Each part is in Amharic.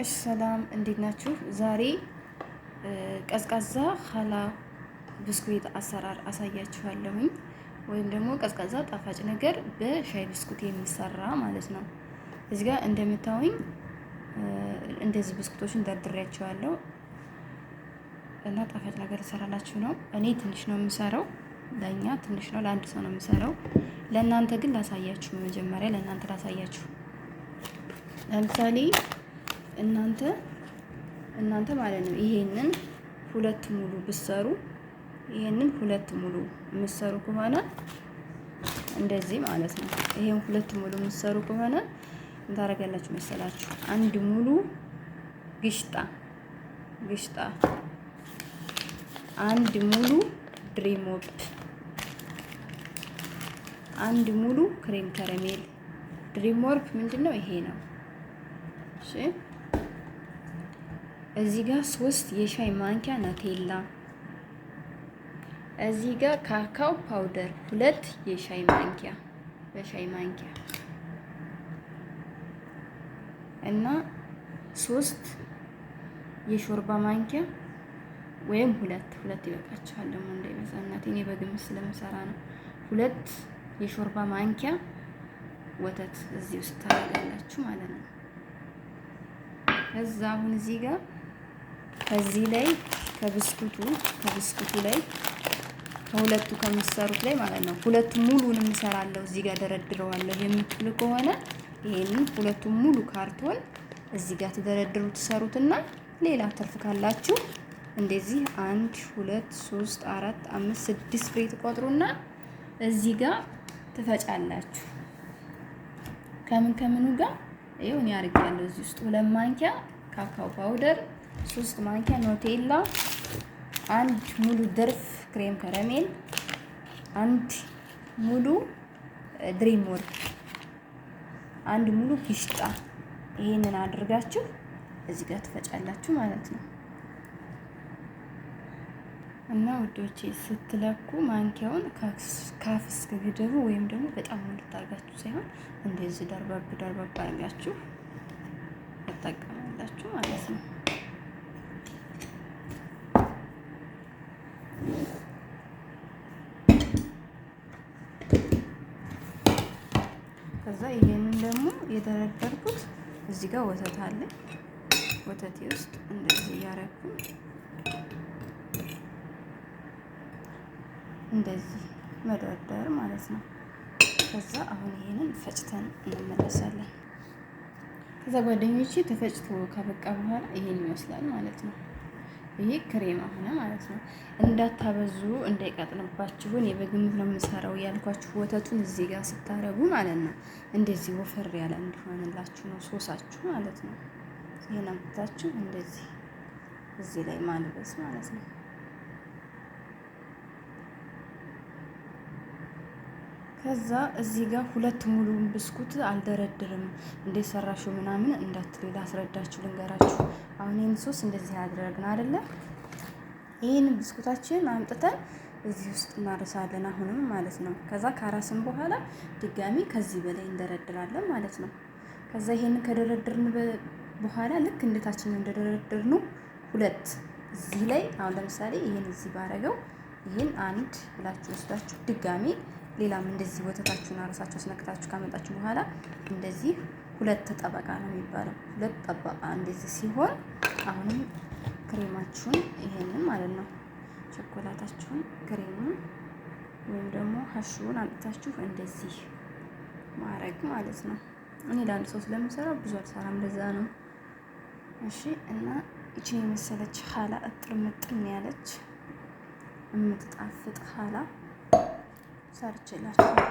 እሺ ሰላም፣ እንዴት ናችሁ? ዛሬ ቀዝቃዛ ሀላ ብስኩት አሰራር አሳያችኋለሁኝ ወይም ደግሞ ቀዝቃዛ ጣፋጭ ነገር በሻይ ብስኩት የሚሰራ ማለት ነው። እዚህ ጋር እንደምታዩኝ እንደዚህ ብስኩቶችን ደርድሬያቸዋለሁ እና ጣፋጭ ነገር እሰራላችሁ ነው። እኔ ትንሽ ነው የምሰራው፣ ለእኛ ትንሽ ነው፣ ለአንድ ሰው ነው የምሰራው። ለእናንተ ግን ላሳያችሁ፣ መጀመሪያ ለእናንተ ላሳያችሁ ለምሳሌ እናንተ እናንተ ማለት ነው። ይሄንን ሁለት ሙሉ ብሰሩ ይሄንን ሁለት ሙሉ የምትሰሩ ከሆነ እንደዚህ ማለት ነው። ይሄን ሁለት ሙሉ የምትሰሩ ከሆነ እንታረጋላችሁ መሰላችሁ አንድ ሙሉ ግሽጣ ግሽጣ አንድ ሙሉ ድሪሞፕ አንድ ሙሉ ክሬም ከረሜል ድሪም ወርክ ምንድን ነው? ይሄ ነው። እሺ እዚህ ጋር ሶስት የሻይ ማንኪያ ናቴላ፣ እዚህ ጋር ካካው ፓውደር ሁለት የሻይ ማንኪያ በሻይ ማንኪያ እና ሶስት የሾርባ ማንኪያ ወይም ሁለት ሁለት ይበቃችኋል። ደግሞ እንዳይበዛ እናቴ፣ እኔ በግምት ስለምሰራ ነው። ሁለት የሾርባ ማንኪያ ወተት እዚህ ውስጥ ታደርጋላችሁ ማለት ነው። እዛ አሁን እዚህ ጋር ከዚህ ላይ ከብስኩቱ ከብስኩቱ ላይ ከሁለቱ ከምሰሩት ላይ ማለት ነው። ሁለቱ ሙሉን የምሰራለሁ እዚህ ጋር ደረድረዋለሁ የምትሉ ከሆነ ይሄንን ሁለቱ ሙሉ ካርቶን እዚህ ጋር ተደረድሩ ትሰሩትና ሌላ ትርፍ ካላችሁ እንደዚህ አንድ ሁለት ሶስት አራት አምስት ስድስት ፍሬ ትቆጥሩና እዚህ ጋር ትፈጫላችሁ። ከምን ከምኑ ጋር ይሁን ያርግ ያለው እዚህ ውስጥ ሁለት ማንኪያ ካካው ፓውደር ሶስት ማንኪያ ኖቴላ፣ አንድ ሙሉ ድርፍ ክሬም ከረሜል፣ አንድ ሙሉ ድሪም ወርክ፣ አንድ ሙሉ ፒስጣ ይሄንን አድርጋችሁ እዚህ ጋር ትፈጫላችሁ ማለት ነው። እና ውዶቼ ስትለኩ ማንኪያውን ካፍ እስከ ግድቡ ወይም ደግሞ በጣም እንድታርጋችሁ ሳይሆን እንደዚህ ደርባብ ደርባብ አርጋችሁ ትጠቀማላችሁ ማለት ነው። ከዛ ይሄንን ደግሞ የደረደርኩት እዚህ ጋር ወተት አለ። ወተቴ ውስጥ እንደዚህ እያረኩ እንደዚህ መደርደር ማለት ነው። ከዛ አሁን ይሄንን ፈጭተን እንመለሳለን። ከዛ ጓደኞቼ ተፈጭቶ ከበቃ በኋላ ይሄን ይመስላል ማለት ነው። ይሄ ክሬም ሆነ ማለት ነው። እንዳታበዙ እንዳይቀጥንባችሁን የበግምት ነው የምሰራው ያልኳችሁ ወተቱን እዚህ ጋር ስታረጉ ማለት ነው። እንደዚህ ወፈር ያለ እንዲሆንላችሁ ነው ሶሳችሁ ማለት ነው። ይሄን አምጥታችሁ እንደዚህ እዚህ ላይ ማልበስ ማለት ነው። ከዛ እዚህ ጋር ሁለት ሙሉውን ብስኩት አልደረድርም እንዴት ሰራሽው ምናምን እንዳትሉ ላስረዳችሁ፣ ልንገራችሁ። አሁን ይህን ሶስ እንደዚህ ያደረግን አይደለም። ይህን ብስኩታችን አምጥተን እዚህ ውስጥ እናርሳለን፣ አሁንም ማለት ነው። ከዛ ካራስን በኋላ ድጋሚ ከዚህ በላይ እንደረድራለን ማለት ነው። ከዛ ይሄንን ከደረድርን በኋላ ልክ እንደታችን እንደደረድርኑ ሁለት እዚህ ላይ አሁን ለምሳሌ ይሄን እዚህ ባረገው ይህን አንድ ብላችሁ ወስዳችሁ ድጋሚ ሌላም እንደዚህ ወተታችሁን አረሳችሁ አስነክታችሁ ካመጣችሁ በኋላ እንደዚህ ሁለት ጠበቃ ነው የሚባለው። ሁለት ጠበቃ እንደዚህ ሲሆን አሁንም ክሬማችሁን ይሄንን ማለት ነው ቸኮላታችሁን ክሬሙን ወይም ደግሞ ሀሹን አምጥታችሁ እንደዚህ ማረግ ማለት ነው። እኔ ለአንድ ሰው ስለምሰራ ብዙ አልሰራም፣ ለዛ ነው። እሺ እና ይችን የመሰለች ሀላ እጥር ምጥን ያለች የምትጣፍጥ ሀላ ሰርችላችኋል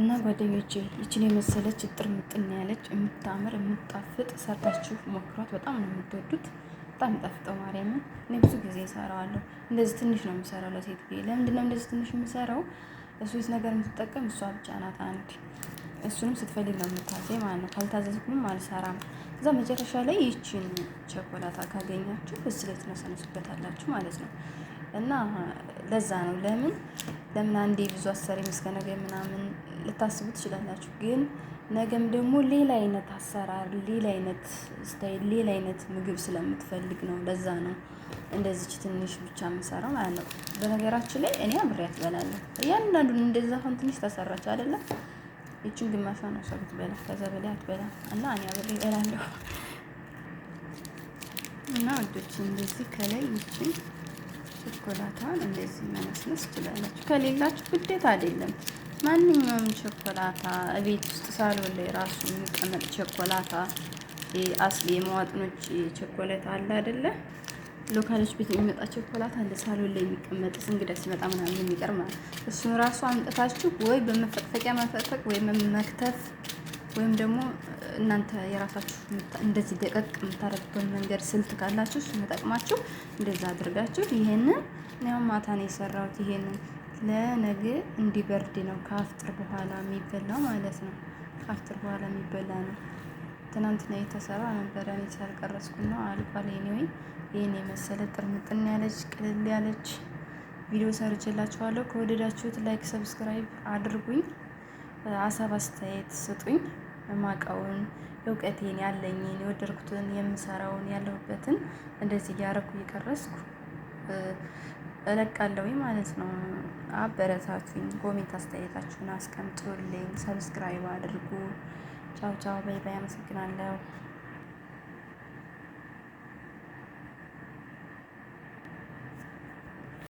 እና ጓደኞቼ ይችን የመሰለች እጥር ምጥን ያለች የምታምር የምጣፍጥ ሰርታችሁ ሞክሯት። በጣም ነው የምትወዱት። በጣም ጣፍጠው ማርያምን። እኔ ብዙ ጊዜ እሰራዋለሁ። እንደዚህ ትንሽ ነው የምሰራው ለሴት ብዬ። ለምንድን ነው እንደዚህ ትንሽ የምሰራው? እሱት ነገር የምትጠቀም እሷ ብቻ ናት አንድ እሱንም ስትፈልግ ነው የምታዘኝ ማለት ነው። ካልታዘዝኩም አልሰራም። እዛ መጨረሻ ላይ ይችን ቸኮላታ ካገኛችሁ ብስለት ነሰነሱበታላችሁ ማለት ነው። እና ለዛ ነው ለምን ለምን አንዴ ብዙ አሰሪም እስከ ነገ ምናምን ልታስቡ ትችላላችሁ። ግን ነገም ደግሞ ሌላ አይነት አሰራር፣ ሌላ አይነት ስታይል፣ ሌላ አይነት ምግብ ስለምትፈልግ ነው። ለዛ ነው እንደዚች ትንሽ ብቻ የምሰራው ማለት ነው። በነገራችን ላይ እኔ አብሬያት እበላለሁ። እያንዳንዱን እንደዛ አሁን ትንሽ ተሰራች አይደለም ይችን ግማሿ ነው ሰው ብትበላ ከዛ በላይ አትበላ እና እኔ አብሬ እበላለሁ እና ወዶች እንደዚህ ከላይ ይችን ቾኮላታን እንደዚህ መነስነስ ትችላላችሁ። ከሌላችሁ ግዴታ አይደለም። ማንኛውም ቾኮላታ ቤት ውስጥ ሳሎን ላይ ራሱ የሚቀመጥ ቾኮላታ አስሊ የመዋጥኖች ቾኮላታ አለ አይደለ? ሎካሎች ቤት የሚመጣ ቾኮላታ እንደ ሳሎን ላይ የሚቀመጥ እንግዳ ሲመጣ ምናምን የሚቀር ማለት እሱን ራሱ አምጥታችሁ ወይ በመፈቅፈቂያ መፈቅፈቅ ወይ መክተፍ ወይም ደግሞ እናንተ የራሳችሁ እንደዚህ ደቀቅ የምታደርጉበት መንገድ ስልት ካላችሁ እሱ መጠቅማችሁ እንደዛ አድርጋችሁ ይሄንን ያው ማታ ነው የሰራሁት። ይሄንን ለነገ እንዲበርድ ነው ከአፍጥር በኋላ የሚበላው ማለት ነው። ከአፍጥር በኋላ የሚበላ ነው። ትናንት ነው የተሰራ ነበረ እኔ ሳልቀረጽኩ ነው አልቋል። ኔወይ ይህን የመሰለ ጥርምጥን ያለች ቅልል ያለች ቪዲዮ ሰርችላችኋለሁ። ከወደዳችሁት ላይክ፣ ሰብስክራይብ አድርጉኝ። አሳብ አስተያየት ስጡኝ። የማውቀውን እውቀቴን ያለኝን የወደድኩትን የምሰራውን ያለሁበትን እንደዚህ እያደረኩ እየቀረስኩ እለቃለሁ ማለት ነው። አበረታቱኝ። ኮሜንት አስተያየታችሁን አስቀምጡልኝ። ሰብስክራይብ አድርጉ። ቻው ቻው። በይ በይ፣ አመሰግናለሁ።